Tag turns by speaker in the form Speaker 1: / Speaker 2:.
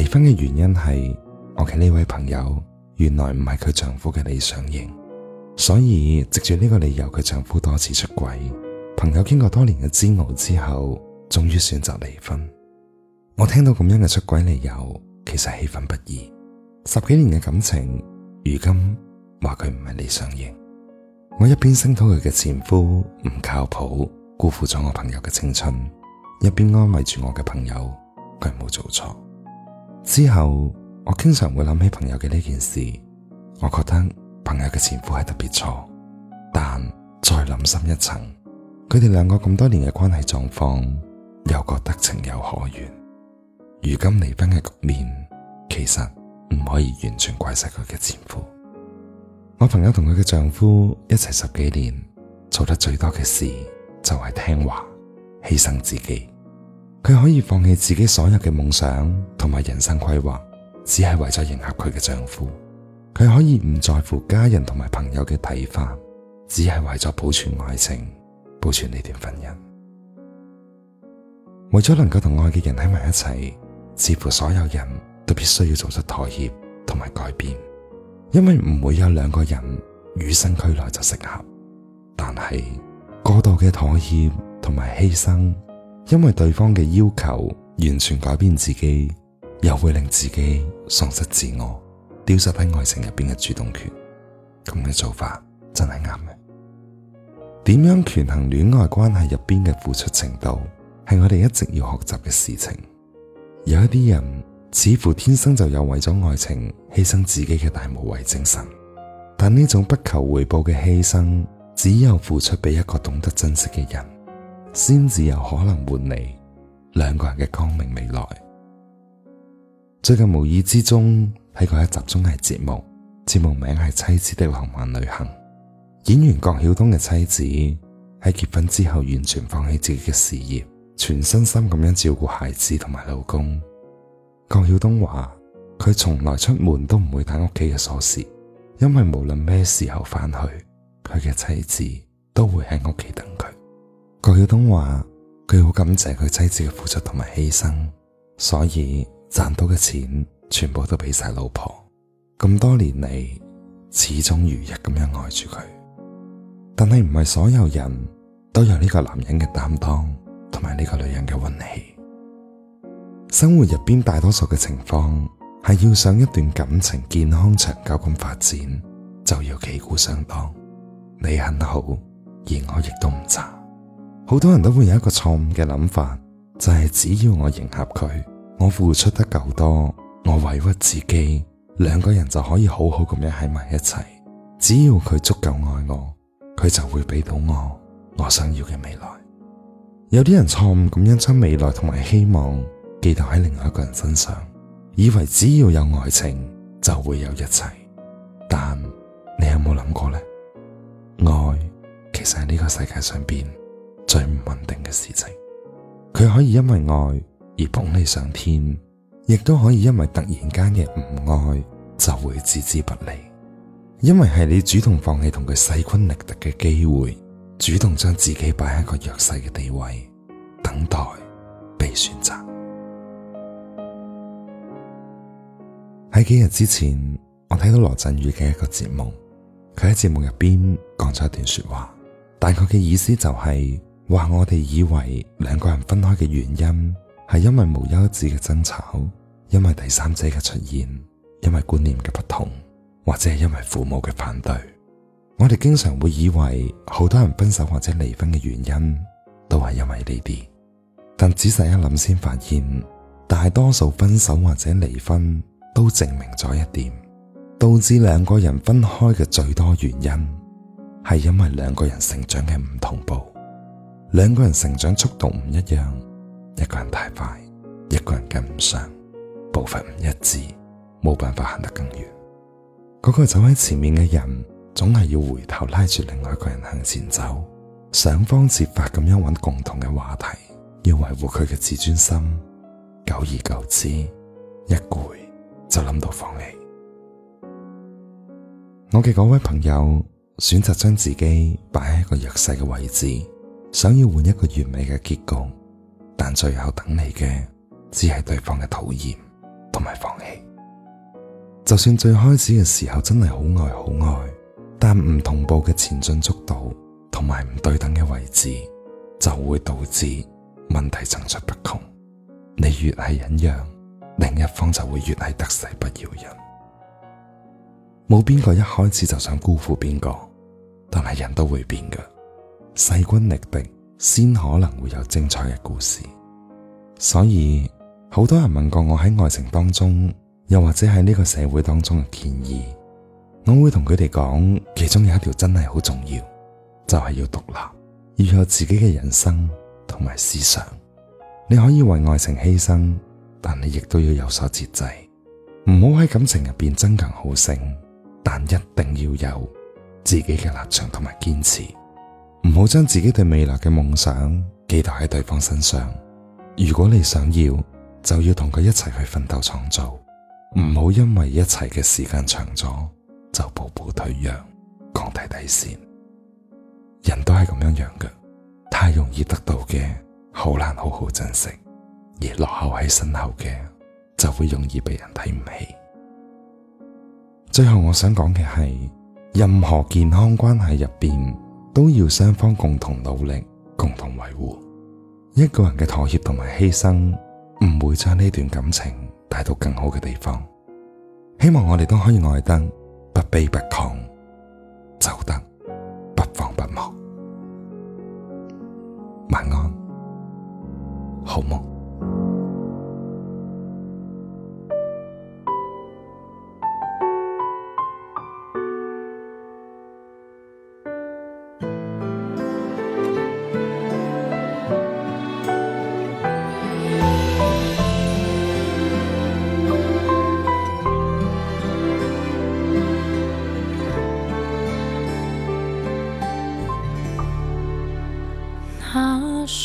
Speaker 1: 離婚嘅原因係我嘅呢位朋友原來唔係佢丈夫嘅理想型，所以藉住呢個理由，佢丈夫多次出軌，朋友經過多年嘅煎熬之後，終於選擇離婚。我聽到咁樣嘅出軌理由，其實氣憤不已。十幾年嘅感情，如今話佢唔係理想型。我一邊聲討佢嘅前夫唔靠譜，辜負咗我朋友嘅青春，一邊安慰住我嘅朋友，佢冇做錯。之後，我經常會諗起朋友嘅呢件事，我覺得朋友嘅前夫係特別錯，但再諗深一層，佢哋兩個咁多年嘅關係狀況，又覺得情有可原。如今離婚嘅局面，其實唔可以完全怪晒佢嘅前夫。我朋友同佢嘅丈夫一齊十幾年，做得最多嘅事就係聽話，犧牲自己。佢可以放棄自己所有嘅夢想同埋人生規劃，只係為咗迎合佢嘅丈夫；佢可以唔在乎家人同埋朋友嘅睇法，只係為咗保存愛情、保存呢段婚姻。為咗能夠同愛嘅人喺埋一齊，似乎所有人都必須要做出妥協同埋改變，因為唔會有兩個人與生俱來就適合。但係過度嘅妥協同埋犧牲。因為對方嘅要求完全改變自己，又會令自己喪失自我，丟失喺愛情入邊嘅主動權。咁嘅做法真係啱嘅。點樣權衡戀愛關係入邊嘅付出程度，係我哋一直要學習嘅事情。有一啲人似乎天生就有為咗愛情犧牲自己嘅大無畏精神，但呢種不求回報嘅犧牲，只有付出俾一個懂得珍惜嘅人。先至有可能換嚟兩個人嘅光明未來。最近無意之中睇過一集綜藝節目，節目名係《妻子的浪漫旅行》。演員郭曉冬嘅妻子喺結婚之後，完全放棄自己嘅事業，全身心咁樣照顧孩子同埋老公。郭曉冬話：佢從來出門都唔會帶屋企嘅鎖匙，因為無論咩時候翻去，佢嘅妻子都會喺屋企等佢。郭曉東話：佢好感謝佢妻子嘅付出同埋犧牲，所以賺到嘅錢全部都俾晒老婆。咁多年嚟，始終如一咁樣愛住佢。但係唔係所有人都有呢個男人嘅擔當同埋呢個女人嘅運氣。生活入邊大多數嘅情況係要想一段感情健康長久咁發展，就要旗鼓相當。你很好，而我亦都唔差。好多人都會有一個錯誤嘅諗法，就係只要我迎合佢，我付出得夠多，我委屈自己，兩個人就可以好好咁樣喺埋一齊。只要佢足夠愛我，佢就會俾到我我想要嘅未來。有啲人錯誤咁樣將未來同埋希望寄託喺另外一個人身上，以為只要有愛情就會有一切。但你有冇諗過呢？愛其實喺呢個世界上邊最唔穩定嘅事情，佢可以因為愛而捧你上天，亦都可以因為突然間嘅唔愛，就會置之不理。因為係你主動放棄同佢勢均力敵嘅機會，主動將自己擺喺一個弱勢嘅地位，等待被選擇。喺幾日之前，我睇到羅振宇嘅一個節目，佢喺節目入邊講咗一段說話，大概嘅意思就係。話我哋以為兩個人分開嘅原因係因為無休止嘅爭吵，因為第三者嘅出現，因為觀念嘅不同，或者係因為父母嘅反對。我哋經常會以為好多人分手或者離婚嘅原因都係因為呢啲，但仔細一諗先發現，大多數分手或者離婚都證明咗一點，導致兩個人分開嘅最多原因係因為兩個人成長嘅唔同步。兩個人成長速度唔一樣，一個人太快，一個人跟唔上，步伐唔一致，冇辦法行得更遠。嗰個走喺前面嘅人，總係要回頭拉住另外一個人向前走，想方設法咁樣搵共同嘅話題，要維護佢嘅自尊心。久而久之，一攰就諗到放棄。我嘅嗰位朋友選擇將自己擺喺一個弱勢嘅位置。想要換一個完美嘅結局，但最後等你嘅只係對方嘅討厭同埋放棄。就算最開始嘅時候真係好愛好愛，但唔同步嘅前進速度同埋唔對等嘅位置，就會導致問題層出不窮。你越係忍讓，另一方就會越係得勢不饒人。冇邊個一開始就想辜負邊個，但係人都會變㗎。勢均力敵，先可能會有精彩嘅故事。所以，好多人問過我喺愛情當中，又或者喺呢個社會當中嘅建議，我會同佢哋講，其中有一條真係好重要，就係要獨立，要有自己嘅人生同埋思想。你可以為愛情犧牲，但你亦都要有所節制，唔好喺感情入邊爭強好勝，但一定要有自己嘅立場同埋堅持。唔好將自己對未來嘅夢想寄託喺對方身上。如果你想要，就要同佢一齊去奮鬥創造。唔好因為一齊嘅時間長咗，就步步退讓，降低底底線。人都係咁樣樣嘅，太容易得到嘅，好難好好珍惜；而落後喺身後嘅，就會容易被人睇唔起。最後我想講嘅係，任何健康關係入邊。都要雙方共同努力，共同維護。一個人嘅妥協同埋犧牲，唔會將呢段感情帶到更好嘅地方。希望我哋都可以愛得不卑不亢，走得不慌不忙。晚安，好夢。